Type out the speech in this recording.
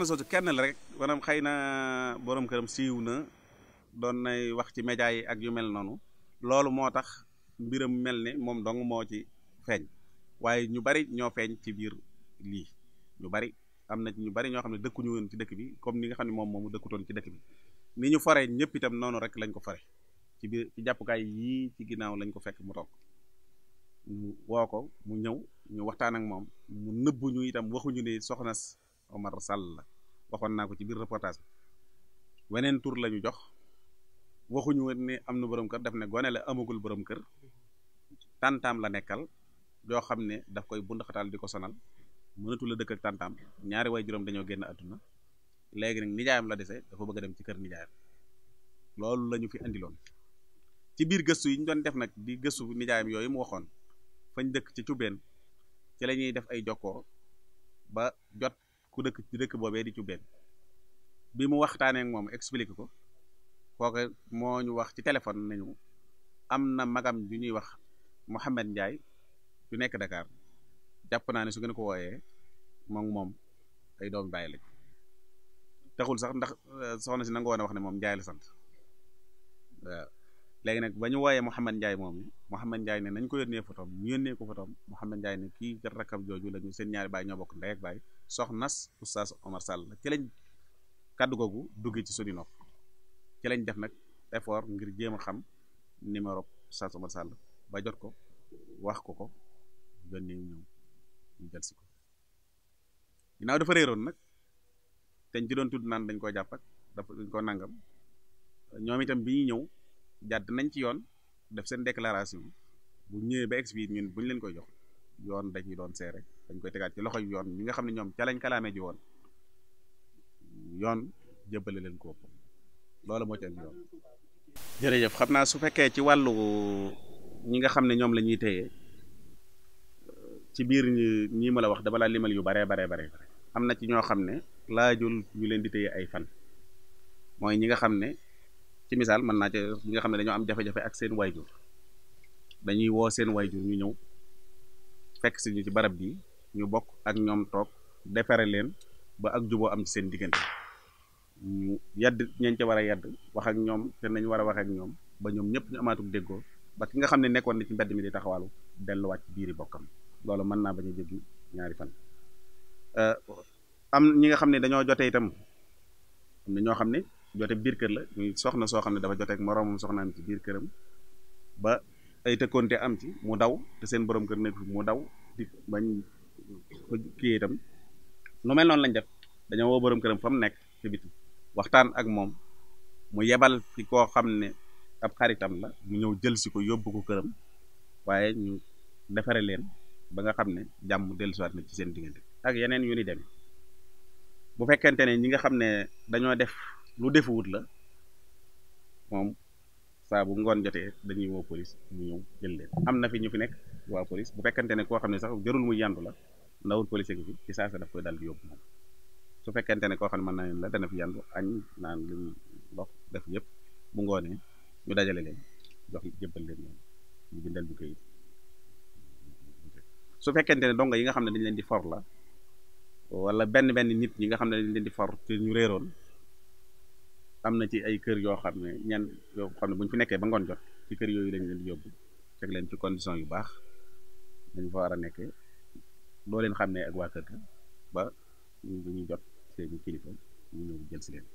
soxna soosu kenn la rek maanaam xëy na borom këram siiw na doon nay wax ci média yi ak yu mel noonu loolu moo tax mbiram mel ne moom dong moo ci feeñ waaye ñu bari ñoo feeñ ci biir lii ñu bari am na ñu bari ñoo xam ne dëkkuñu woon ci dëkk bi comme ni nga xam ne moom moomu dëkkutoon ci dëkk bi ni ñu fore ñëpp itam noonu rek lañ ko fore ci biir ci jàppukaay yii ci ginnaaw lañ ko fekk mu toog mu woo ko mu ñëw ñu waxtaan ak moom mu nëbbu ñu itam waxuñu ne soxnas Omar Sall waxoon naa ko ci biir reportage weneen tur la ñu jox waxuñu woon ne am na borom kër daf ne gone la amagul boroom kër tàntaam la nekkal joo xam ne daf koy bund xataal di ko sonal mënatul la dëkk ak tàntaam ñaari way juróom dañoo génn àdduna léegi nag nijaayam la dese dafa bëgg a dem ci kër nijaayam loolu lañu ñu fi andiloon ci biir gëstu yi ñu doon def nag di gëstu nijaayam yooyu mu waxoon fañ dëkk ci cubeen ci lañuy def ay jokkoo ba jot ku dëkk ci dëkk boobee di Cubbeen bi mu waxtaanee moom expliqué ko kooke moo ñu wax ci téléphone nañu am na magam ju ñuy wax Mouhamed njaay ju nekk Dakar jàpp naa ne su ngeen ko wooyee moom moom ay doomi bàyyi lañ taxul sax ndax euh, soxna si nanga woon a wax ne moom Ndiaye la sant waaw léegi nag ba ñu wooyee Mouhamed Ndiaye moom Mouhamed Ndiaye ne nañ ko yónnee fotoom ñu yónnee ko fotoom Mouhamed Ndiaye ne kii kat rakkam jooju la ñu seen ñaar baay ñoo bokk ndey ak baay soxnas oustaz Omar sàll ci lañ kàddu googu duggee ci suñu nopp ci lañ def nag effort ngir jéem a xam numéro oustaz Omar Sall ba jot ko wax ko ko gën ñu ñëw ñu jël si ko ginnaaw dafa réeroon nag teñ ci doon tudd naan dañ koo jàpp ak dafa dañ koo nangam ñoom itam bi ñëw jàdd nañ ci yoon def seen déclaration bu ñëwee ba expliqué ñun bu leen koy jox yoon dañuy doon seere dañ koy tegaat ci loxo yu yoon ñi nga xam ne ñoom ca lañ kalaame ji woon yoon jébbale leen ko loolu moo ci andi yoon. jërëjëf xam naa su fekkee ci wàllu ñi nga xam ne ñoom la ñuy ci biir ñii ma la wax dama limal yu baree baree bare am na ci ñoo xam ne laajul ñu leen di téye ay fan mooy ñi nga xam ne ci misaal mën naa ci ñi nga xam ne dañoo am jafe-jafe ak seen wayjur dañuy woo seen wayjur ñu ñëw fekk si ñu ci barab bi ñu bokk ak ñoom toog defare leen ba ak juboo am ci seen diggante ñu yadd ñañ ca war a yadd wax ak ñoom te nañ war a wax ak ñoom ba ñoom ñëpp ñu amaatuk déggoo ba ki nga xam ne nekkoon na ci mbedd mi di taxawaalu delluwaat ci biiri bokkam loolu mën naa bañ a jéggi ñaari fan am ñi nga xam ne dañoo jote itam am na ñoo xam ne jote biir kër la muy soxna soo xam ne dafa joteek moroomam soxnaam ci biir këram ba ay tëkkoonte am ci mu daw te seen boroom kër nekk mu daw ba kii itam nu mel noonu lañ def dañoo woo borom këram fa mu nekk ci biti waxtaan ak moom mu yebal fi koo xam ne ab xaritam la mu ñëw jël si ko yóbbu ko këram waaye ñu defare leen ba nga xam ne jàmm dellusiwaat na ci seen diggante ak yeneen yu ni demee bu fekkente ne ñi nga xam ne dañoo def lu defuwut la moom saa bu ngoon jotee dañuy woo police mu ñëw jël leen am na fi ñu fi nekk waa police bu fekkante ne koo xam ne sax jarul muy yandu la ndawul policier bi fi ci saa sa daf koy dal di yóbbu moom su fekkente ne koo xam ne mën naa la dana fi yandu añ naan lim ndox def yëpp bu ngoonee ñu dajale leen jox jëbbal leen ñoom ñu bindal ñu koy su fekkente ne dongo yi nga xam ne dañ leen di for la wala benn benn nit ñi nga xam ne dañ leen di for te ñu réeroon am na ci ay kër yoo xam ne ñan yoo xam ne bu ñu fi nekkee ba ngoon jot ci kër yooyu lañ leen di yóbbu teg leen ci condition yu baax dañ fa war a nekkee loo leen xam ne ak waa kër ga ba ñu dañuy jot seeni kilifa ñu ñëw jël si leen